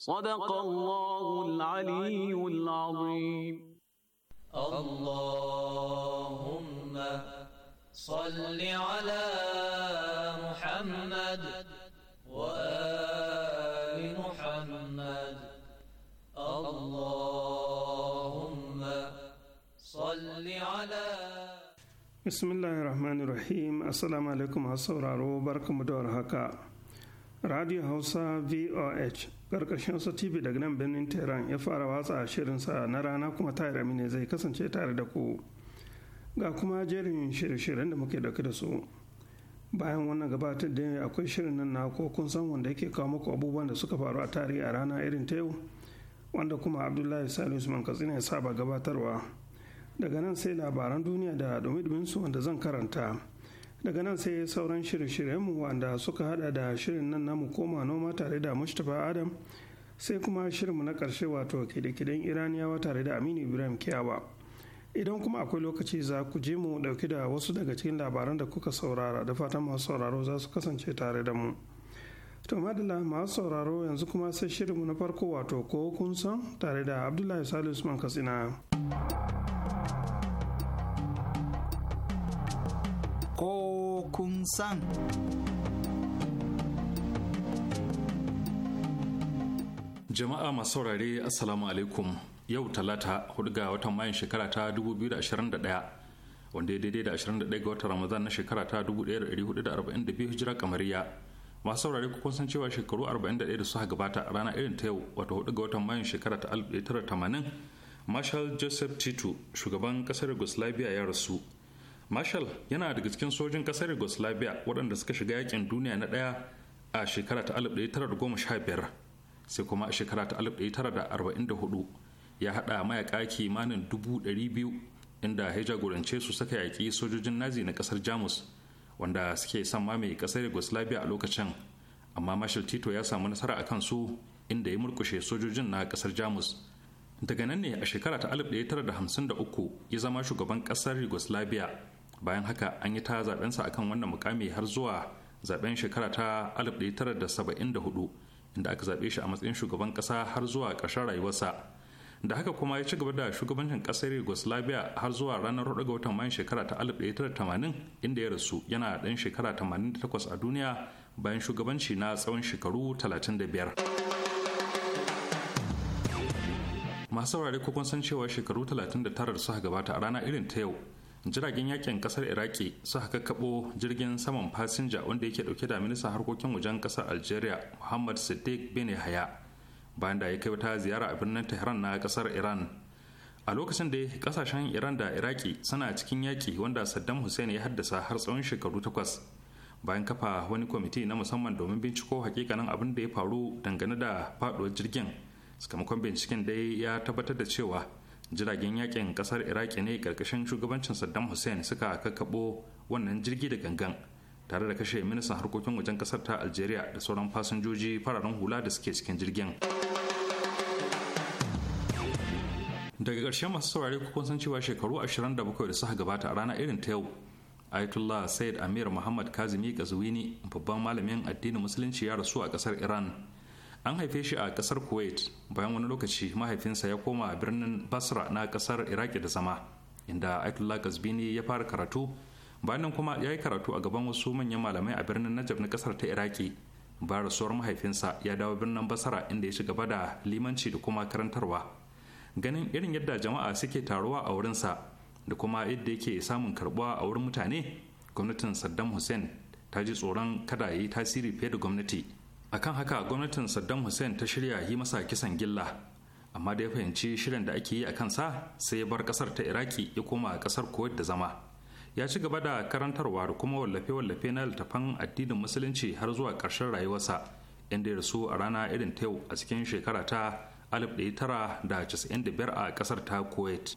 صدق الله العلي العظيم اللهم صل على محمد وآل محمد اللهم صل على بسم الله الرحمن الرحيم السلام عليكم ورحمة الله وبركاته radio hausa voh karkashin sa tv daga nan birnin tehran ya fara watsa sa na rana kuma yi ne zai kasance tare da ku ga kuma jerin shirye-shiryen da muke dauke da su bayan wannan gabatar da akwai shirin nan na ko kun san wanda yake kawo muku abubuwan da suka faru a tarihi a rana irin ta yau wanda kuma abdullahi salisu usman katsina ya saba gabatarwa daga nan sai labaran duniya da dumi su wanda zan karanta daga nan sai sauran shirye-shiryenmu wanda suka hada da shirin nan namu koma noma tare da mustapha adam sai kuma shirinmu na karshe wato kidikidin iraniyawa tare da aminu ibrahim kiyawa idan kuma akwai lokaci za ku je mu dauki da wasu daga cikin labaran da kuka saurara da fatan masu sauraro za su kasance tare da mu to madalla masu sauraro yanzu kuma sai shirinmu na farko wato ko kun san tare da abdullahi salisu usman katsina kun san. Jama'a masu saurare Assalamu alaikum yau talata hudu ga watan mayan shekara ta 2021 wanda ya daidai da 21 ga watan Ramadan na shekara ta 1442 hijira kamariya. Masu saurare kun san cewa shekaru 41 da suka gabata rana irin ta yau wata hudu ga watan mayan shekara ta 1980 Marshal Joseph Tito shugaban kasar Yugoslavia ya rasu marshal yana daga cikin sojin kasar yugoslavia waɗanda suka shiga yakin duniya na ɗaya a shekara ta 1915 sai kuma a shekara ta 1944 ya haɗa mayaka kimanin 200,000 inda ya jagorance su saka yaƙi sojojin nazi na ƙasar jamus wanda suke son mamaye ƙasar yugoslavia a lokacin amma marshal tito ya samu nasara a kansu inda ya murkushe sojojin na ƙasar jamus daga nan ne a shekara ta 1953 ya zama shugaban ƙasar yugoslavia bayan haka an yi ta zaɓensa akan wannan mukami har zuwa zaɓen shekara ta 1974 inda aka zaɓe shi a matsayin shugaban ƙasa har zuwa ƙarshen rayuwarsa da haka kuma ya ci gaba da shugabancin ƙasar yugoslavia har zuwa ranar 4 ga watan mayan shekara ta 1980 inda ya rasu yana ɗan shekara 88 a duniya bayan shugabanci na tsawon shekaru 35 masu saurari ko kun san cewa shekaru 39 da suka gabata a rana irin ta yau jiragen yakin kasar iraki su kabo jirgin saman fasinja wanda yake dauke da ministan harkokin wajen kasar algeria muhammad siddiq bin haya bayan da ya kai wata ziyara a birnin tehran na kasar iran a lokacin da kasashen iran da iraki suna cikin yaki wanda saddam hussein ya haddasa har tsawon shekaru takwas bayan kafa wani kwamiti na musamman domin binciko hakikanin abin da ya faru dangane da faduwar jirgin sakamakon binciken dai ya tabbatar da cewa jiragen yakin kasar iraki ne karkashin shugabancin saddam hussein suka kakkabo wannan jirgi da gangan tare da kashe ministan harkokin wajen kasar ta algeria da sauran fasinjoji fararen hula da suke cikin jirgin daga ƙarshen masu saurari kukun san cewa shekaru 27 da suka gabata a rana irin ta yau ayatollah said amir muhammad kazimi gazwini babban malamin addinin musulunci ya rasu a kasar iran an haife shi a kasar kuwait bayan wani lokaci mahaifinsa ya koma birnin basra na kasar iraki da zama inda aitullah gazbini ya fara karatu bayan nan kuma ya yi karatu a gaban wasu manyan malamai a birnin najab na kasar ta iraki bayan rasuwar mahaifinsa ya dawo birnin basra inda ya ci gaba da limanci da kuma karantarwa ganin irin yadda jama'a suke taruwa a wurinsa da kuma yadda yake samun karbuwa a wurin mutane gwamnatin saddam hussein ta ji tsoron kada ya yi tasiri fiye da gwamnati akan haka gwamnatin saddam hussein ta shirya yi masa kisan gilla amma da ya fahimci shirin da ake yi a kansa sai ya bar kasar ta iraki ya koma kasar kuwait da zama ya ci gaba da karantarwa da kuma wallafe-wallafe na littafan addinin musulunci har zuwa ƙarshen rayuwarsa inda ya rasu a rana irin ta yau a cikin shekara ta 1995 a kasar ta kuwait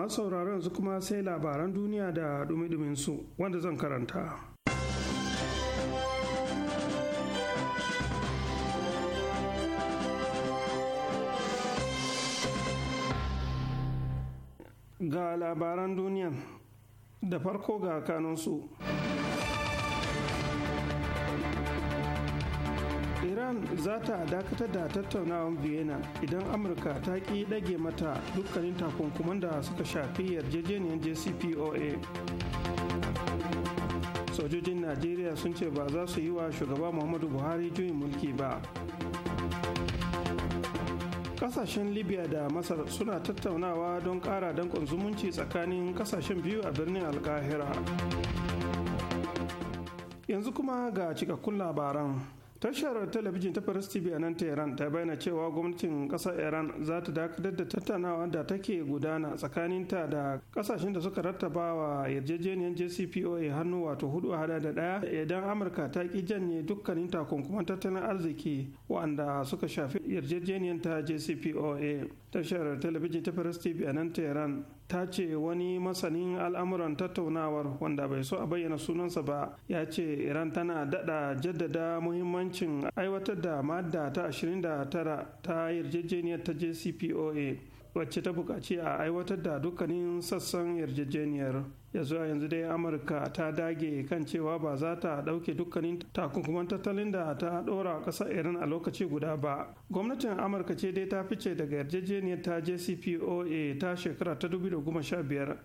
masu sauraron su kuma sai labaran duniya da dumi su wanda zan karanta. Ga labaran duniyan da farko ga kanunsu. su. iran za ta dakatar da tattaunawar vienna idan amurka ta ki ɗage mata dukkanin takunkuman da suka shafi yarjejeniyar jcpoa sojojin najeriya sun ce ba za su yi wa shugaba muhammadu buhari juyin mulki ba kasashen libya da masar suna tattaunawa don kara dankon zumunci tsakanin kasashen biyu a birnin alkahira yanzu kuma ga cikakkun labaran tashar talabijin ta paris tv a nan tehran ta bayyana cewa gwamnatin kasar iran za ta dakatar da tattaunawa da take gudana tsakaninta da kasashen da suka rattaba wa yarjejeniyar jcpoa hannu wato hudu hada da daya idan amurka ta ki janye dukkanin takunkuman tattalin arziki wanda suka shafi yarjejeniyar ta jcpoa tashar talabijin ta paris tv a nan tehran ta ce wani masanin al'amuran tattaunawar wanda bai so a bayyana sunansa ba ya ce iran tana dada jaddada muhimmancin aiwatar da madda ta 29 ta yarjejeniyar ta jcpoa wacce ta buƙaci a aiwatar da dukkanin sassan yarjejeniyar ya zuwa yanzu dai amurka ta dage kan cewa ba za ta ɗauke dukkanin takunkuman tattalin da ta ɗora kasar iran a lokaci guda ba gwamnatin amurka ce dai ta fice daga yarjejeniyar ta jcpoa ta shekara ta 2015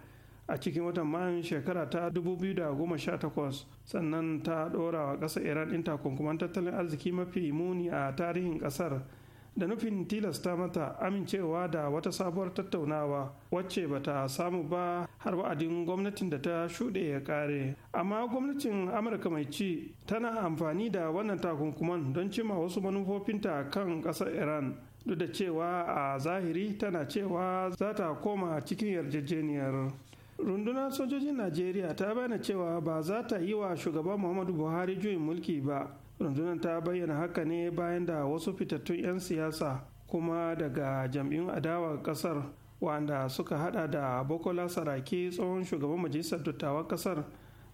a cikin watan mayun shekara ta 2018 sannan ta ɗora wa ƙasar iran ɗin takunkuman tattalin arziki mafi muni a tarihin ƙasar da nufin tilasta mata amincewa da wata sabuwar tattaunawa wacce ba ta samu ba har wa'adin gwamnatin da ta shuɗe ya ƙare amma gwamnatin amurka mai ci tana amfani da wannan takunkuman don cima wasu manufofinta kan ƙasar iran duk da cewa a zahiri tana cewa za ta koma cikin yarjejeniyar rundunar sojojin najeriya ta bayyana cewa ba za ta yi wa shugaban muhammadu buhari juyin mulki ba rundunar ta bayyana haka ne bayan da wasu fitattun 'yan siyasa kuma daga jam'in adawa kasar wanda suka hada da bokola saraki tsohon shugaban majalisar dattawan kasar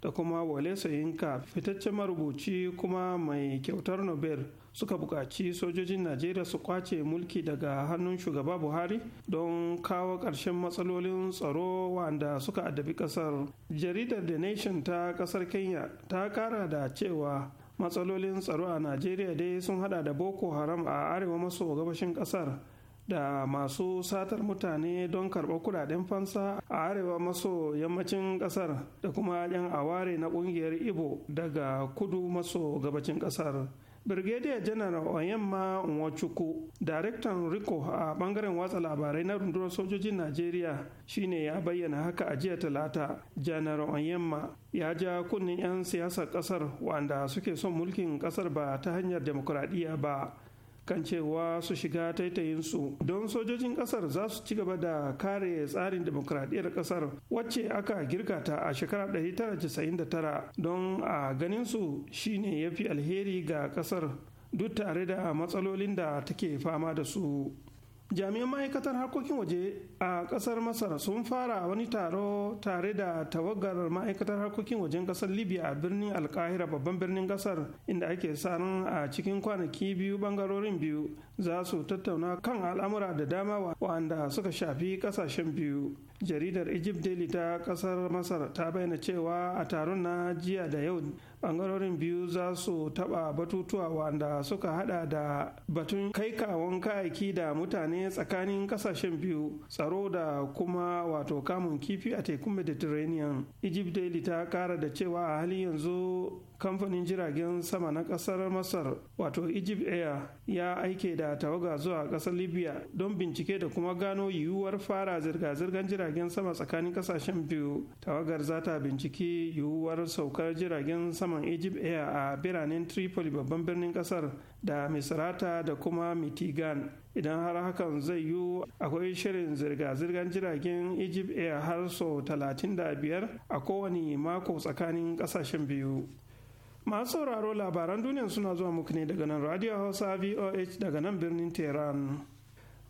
da kuma wale soyinka fitaccen marubuci kuma mai kyautar nobel suka buƙaci sojojin najeriya su kwace mulki daga hannun shugaba buhari don kawo ƙarshen matsalolin tsaro wanda suka addabi ƙasar jaridar the nation ta ƙasar kenya ta kara da cewa matsalolin tsaro a najeriya dai sun hada da boko haram a arewa maso gabashin kasar da masu satar mutane don karɓar kudaden fansa a arewa maso yammacin kasar da kuma 'yan aware na kungiyar ibo daga kudu maso gabashin kasar. Brigadier General Oyemma Nwachukwu, Daraktan Riko a bangaren watsa labarai na rundunar sojojin Najeriya shine ya bayyana haka a jiya talata. General Oyemma ya ja kunnen 'yan siyasar kasar wanda suke son mulkin kasar ba ta hanyar demokuraɗiyya ba kan cewa su shiga taitayinsu don sojojin kasar za su ci gaba da kare tsarin demokradiyyar kasar wacce aka girka ta a shekarar 1999 don a ganinsu shine ya fi alheri ga kasar duk tare da matsalolin da take fama da su. jami'an ma'aikatar harkokin waje a kasar masar sun fara wani taro tare da tawagar ma'aikatar harkokin wajen kasar libya a birnin alkahira babban birnin kasar inda ake sanin a cikin kwanaki biyu bangarorin biyu za su tattauna kan al'amura da dama wanda suka shafi kasashen biyu jaridar egypt daily ta kasar masar ta bayyana cewa a taron na jiya da yau bangarorin biyu za su taba batutuwa wanda suka hada da batun kai kawon kayaki da mutane tsakanin kasashen biyu tsaro da kuma wato kamun kifi a tekun mediterranean egypt daily ta kara da cewa a halin yanzu kamfanin jiragen sama na kasar masar wato egypt air ya aike da tawaga zuwa kasar libya don bincike da kuma gano yiwuwar fara zirga-zirgar jiragen sama tsakanin kasashen biyu tawagar za ta binciki yiwuwar saukar jiragen saman egypt air a biranen tripoli babban birnin kasar da misrata da kuma mitigan idan har hakan zai yiwu akwai shirin zirga-zirgar jiragen egypt air har sau 35 a kowane mako tsakanin kasashen biyu masu sauraro labaran duniya suna zuwa muku ne daga nan radio hausa voh daga nan birnin tehran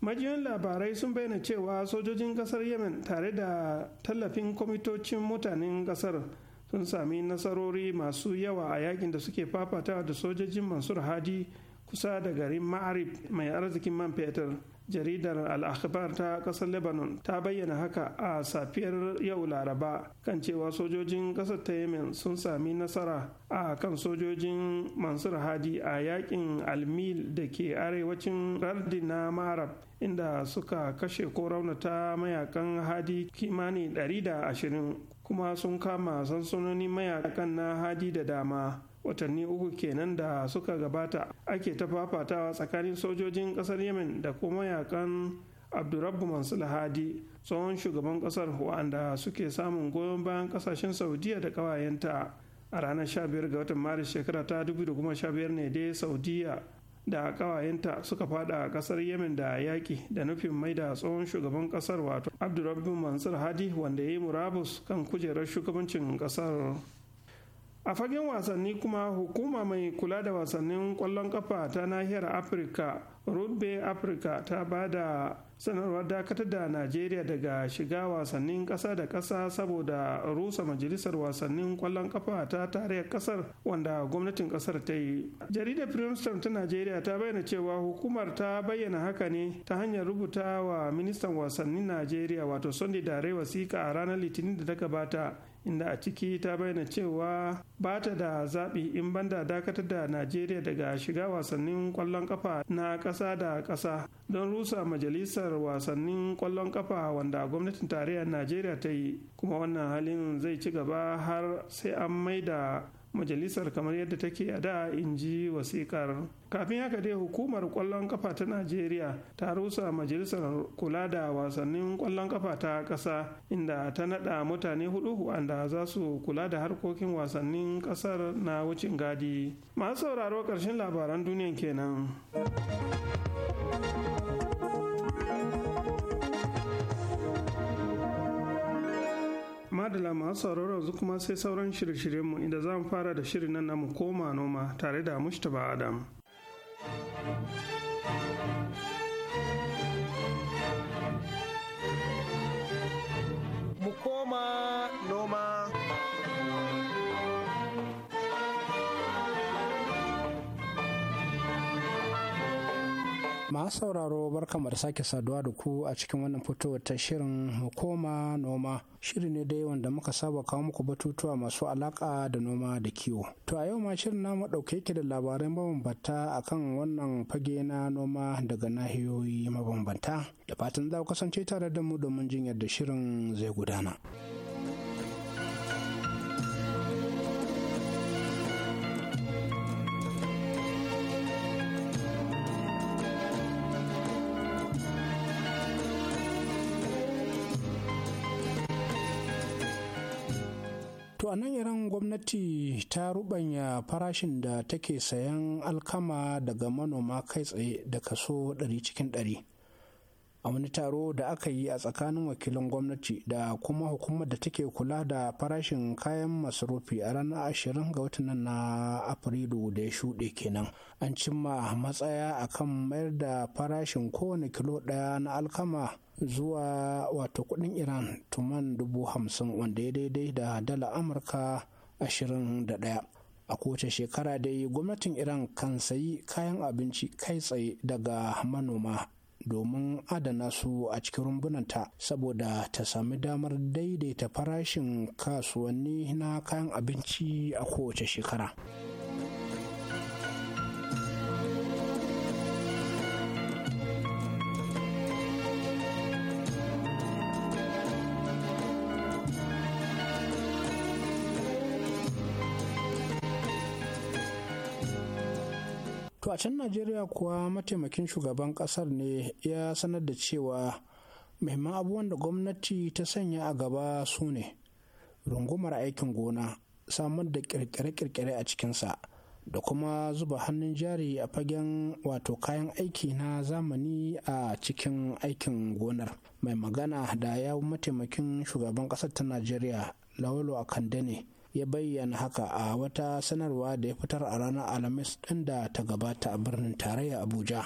majiyan labarai sun bayyana cewa sojojin kasar yemen tare da tallafin kwamitocin mutanen kasar sun sami nasarori masu yawa a yakin da suke fafatawa da sojojin mansur hadi kusa da garin ma'arib mai arzikin man fetur jaridar al ta kasar lebanon ta bayyana haka a safiyar yau laraba kan cewa sojojin kasar ta yemen sun sami nasara a kan sojojin mansur hadi a yakin almil da ke arewacin rardi na marab inda suka kashe ko raunata mayakan hadi kimanin 120 kuma sun kama sansanoni mayakan na hadi da dama watanni uku kenan da suka gabata ake ta fafatawa tsakanin sojojin kasar yemen da kuma yakan Abdurrabu mansur hadi tsohon shugaban kasar wanda suke samun goyon bayan kasashen saudiya da kawayenta a ranar 15 ga watan maris shekara ta 2015 ne dai saudiya da kawayenta suka fada a kasar yemen da yaƙi da nufin mai da tsohon shugaban kasar wato Abdurrabu mansur hadi wanda ya yi murabus kan kujerar shugabancin kasar a fagen wasanni kuma hukuma mai kula da wasannin kwallon kafa ta nahiyar afirka rugby afirka ta ba da sanarwar dakatar da najeriya daga shiga wasannin ƙasa da ƙasa saboda rusa majalisar wasannin kwallon kafa ta tarayyar ƙasar wanda gwamnatin ƙasar ta yi jaridar primston ta najeriya ta bayyana cewa hukumar ta bayyana haka ne ta hanyar rubuta wa ministan wasannin najeriya wato sunday dare wasiƙa a ranar litinin da ta gabata inda a ciki ta bayyana cewa ba ta da zaɓi in banda dakatar da najeriya daga shiga wasannin ƙwallon ƙafa na ƙasa da ƙasa don rusa majalisar wasannin ƙwallon ƙafa wanda gwamnatin tarayyar najeriya ta yi kuma wannan halin zai ci gaba har sai an mai da majalisar kamar yadda take a da in ji wasikar kafin haka dai hukumar kwallon kafa ta najeriya ta rusa majalisar kula da wasannin kwallon kafa ta ƙasa inda ta naɗa mutane hudu wanda za su kula da harkokin wasannin ƙasar na wucin gadi masu sauraro ƙarshen labaran duniyan kenan madala masu sauraro yanzu kuma sai sauran shirye-shiryenmu inda za mu fara da shirin nan namu koma noma tare da mushtaba adam mu koma noma masu sauraro barkamu da sake saduwa da ku a cikin wannan fitowar ta shirin hukuma noma shiri ne da yawan da muka saba kawo muku batutuwa masu alaƙa da noma da kiwo to a yau ma shirin namu ɗauke yake da labarai mabambanta akan wannan fage na noma daga nahiyoyi mabambanta da fatan za ku kasance tare da mu domin jin yadda shirin zai gudana. a nan iran gwamnati ta rubanya farashin da take sayan alkama daga manoma kai tsaye da kaso 100 cikin 100 a wani taro da aka yi a tsakanin wakilin gwamnati da kuma hukumar da take kula da farashin kayan masarufi a ranar ashirin ga watan nan na afrilu da ya shuɗe kenan an cimma matsaya akan mayar da farashin kowane kilo ɗaya na alkama zuwa wato kudin iran tuman dubu hamsin wanda ya daidai da dala amurka ashirin da daya a kowace shekara dai gwamnatin iran kan sayi kayan abinci kai tsaye daga manoma domin adana su a cikin rumbunanta saboda ta sami damar daidaita farashin kasuwanni na kayan abinci a kowace shekara. a can najeriya kuwa mataimakin shugaban kasar ne ya sanar da cewa muhimman abubuwan da gwamnati ta sanya a gaba su ne rungumar aikin gona samar da kirkire-kirkire a cikinsa da kuma zuba hannun jari a fagen wato kayan aiki na zamani a cikin aikin gonar mai magana da yawun mataimakin shugaban kasar ta najeriya lawalo a kande ne ya bayyana haka a wata sanarwa da ya fitar a ranar alhamis ɗin da ta gabata a birnin tarayya abuja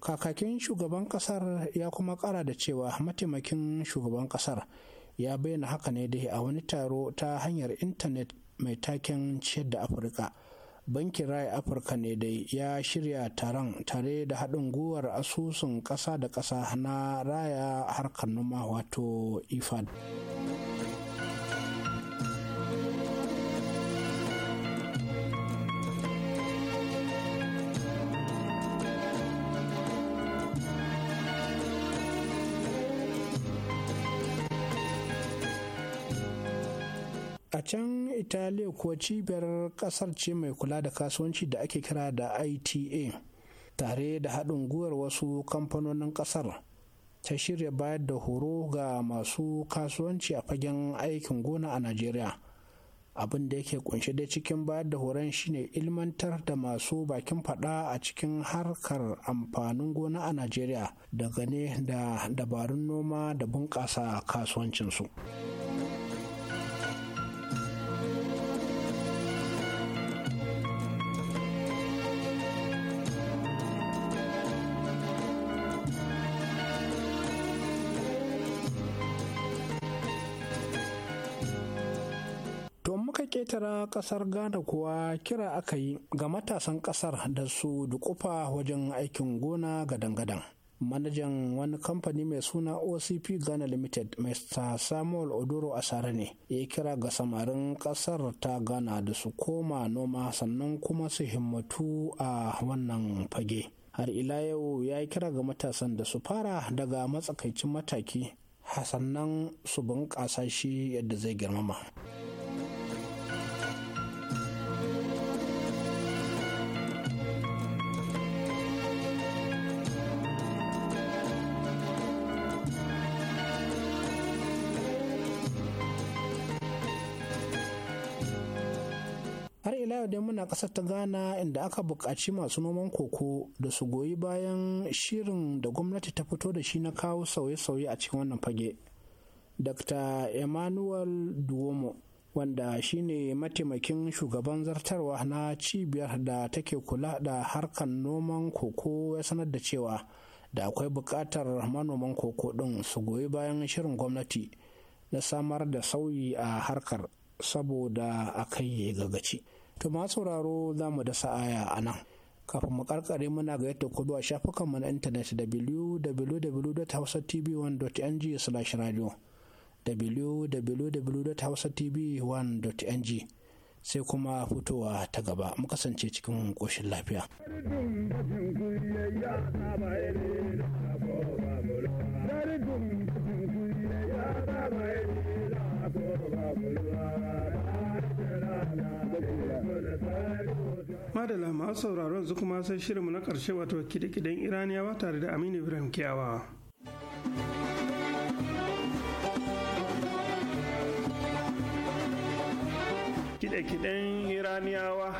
kakakin shugaban kasar ya kuma kara da cewa mataimakin shugaban kasar ya bayyana haka ne dai a wani taro ta hanyar intanet mai taken ciyar da afirka bankin raya afirka ne dai ya shirya taron tare da haɗin gwiwar asusun ƙasa da ƙasa na raya harkar noma wato ifad can italiya kuwa cibiyar kasar ce mai kula da kasuwanci da ake kira da ita tare da haɗin guwar wasu kamfanonin kasar ta shirya bayar da horo ga masu kasuwanci a fagen aikin gona a najeriya abin da yake kunshe da cikin bayar da horon shine ilmantar da masu bakin fada a cikin harkar amfanin gona a najeriya daga ne da dabarun noma da bunƙasa kasuwancinsu. ƙetara ƙasar Ghana kuwa kira aka yi ga matasan ƙasar da su dukufa wajen aikin gona gadan-gadan. Manajan wani kamfani mai suna OCP Ghana Limited, Mr. Samuel Odoro Asare ne, ya kira ga samarin ƙasar ta Ghana da su koma noma sannan kuma su himmatu a wannan fage. Har ila yau ya kira ga matasan da su fara daga matsakaicin mataki sannan su bunƙasa shi yadda zai girmama. yau dai muna ƙasar ta gana inda aka buƙaci masu noman koko da su goyi bayan shirin da gwamnati ta fito da shi na kawo sauye-sauye a cikin wannan fage dr emmanuel duomo wanda shine mataimakin shugaban zartarwa na cibiyar da take kula da harkar noman koko ya sanar da cewa da akwai buƙatar manoman koko ɗin su goyi bayan shirin gwamnati na samar da sauyi a harkar saboda a kai ya gagaci. To ma sauraro za mu da sa'aya a nan. Kafin mu karkare muna ga yadda ku zuwa shafukanmu na intanet www.hausatv1.ng slash radio www.hausatv1.ng sai kuma fitowa ta gaba mu kasance cikin ƙoshin lafiya. Dari madala masu sauraron su kuma sai shirinmu na ƙarshe wato kidikidan Iraniya iraniyawa tare da aminu ibrahim kiyawa kidikidan iraniyawa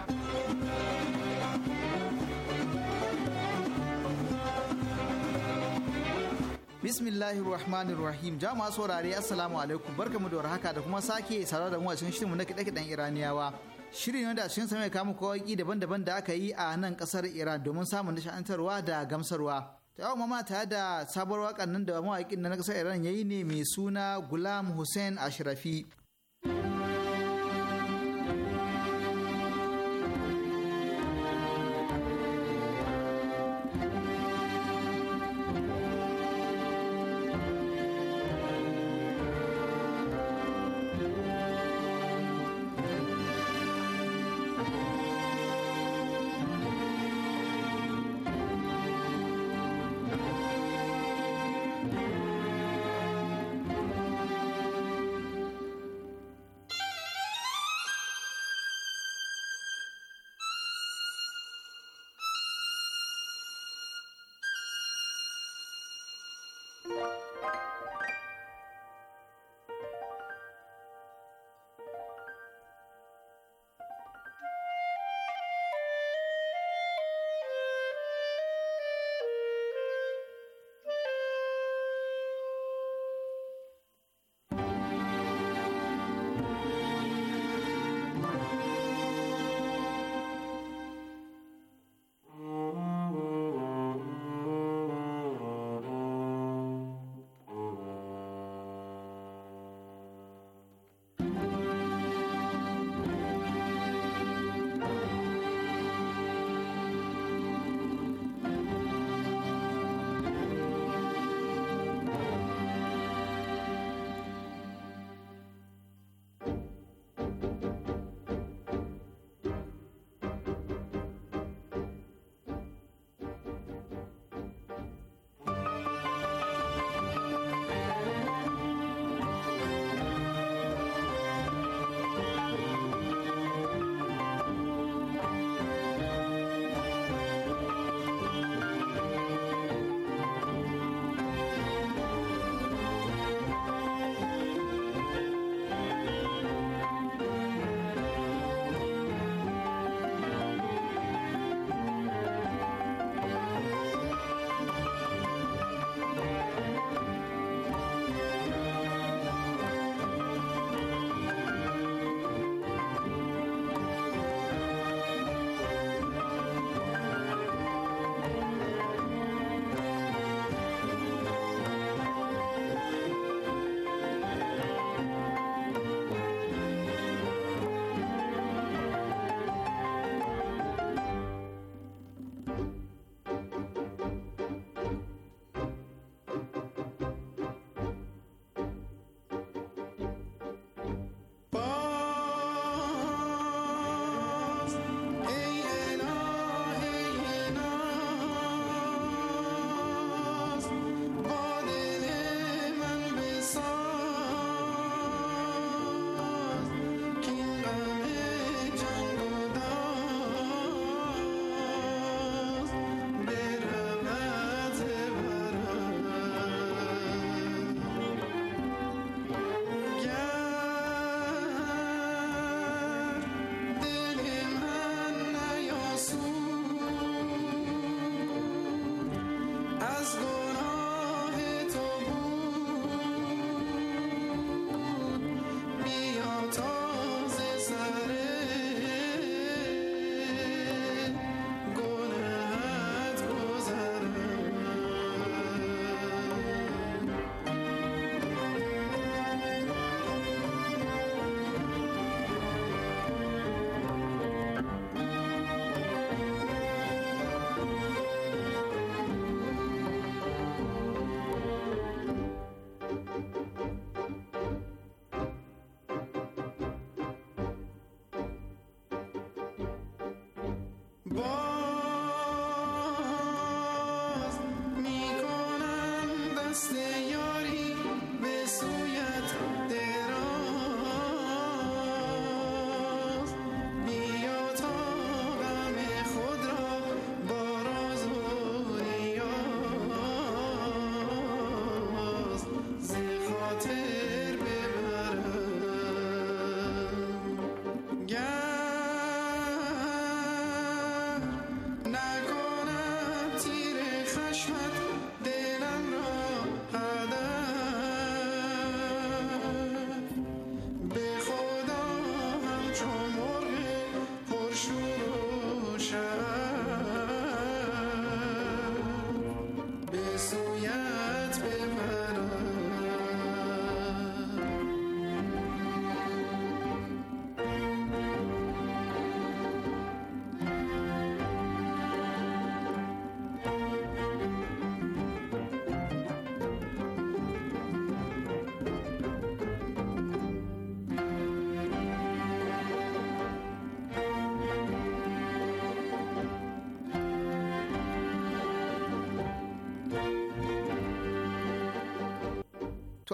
bismillahi rahmanir rahim ja masu wurare assalamu alaikum barkamu da warhaka da kuma sake saurara da mu a cikin shirinmu na kidikidan Iraniya iraniyawa shirin wanda a cikin kamun kama kawaki daban-daban da aka yi a nan kasar iran domin samun nishantarwa da gamsarwa ta yawon mama tare da sabuwar wakar nan da mawaƙin na kasar iran ya yi ne mai suna gulam hussein ashrafi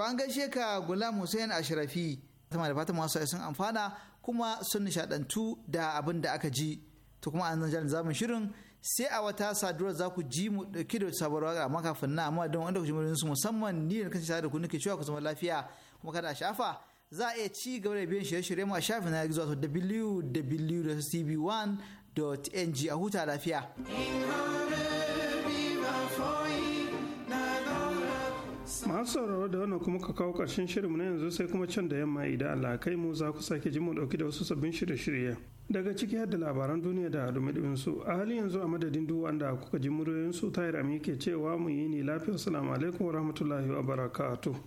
an gaishe ka Gulam Hussein Ashrafi. Tama da fatan masu sun amfana kuma sun nishadantu da abin da aka ji. To kuma an zanjar zamun shirin sai a wata saduwar za ku ji mu dauki da sabuwar waka amma kafin na amma don wanda ku ji murin su musamman ni da kanci tare da ku nake cewa ku zama lafiya kuma kada a shafa za a iya ci gaba da biyan shirye-shirye mu a shafin na gizo wato www.tv1.ng a huta lafiya. masu sauraro da wannan kuma ka kawo ƙarshen shirinmu na yanzu sai kuma can da yamma idan Allah kai mu za ku sake jin mu dauki da wasu sabbin shirye-shirye daga ciki har da labaran duniya da dumi su a halin yanzu a madadin duk wanda kuka ji muryoyin su tayar amin ke cewa mu yi ni lafiya assalamu alaikum wa rahmatullahi wa barakatuh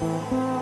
thank you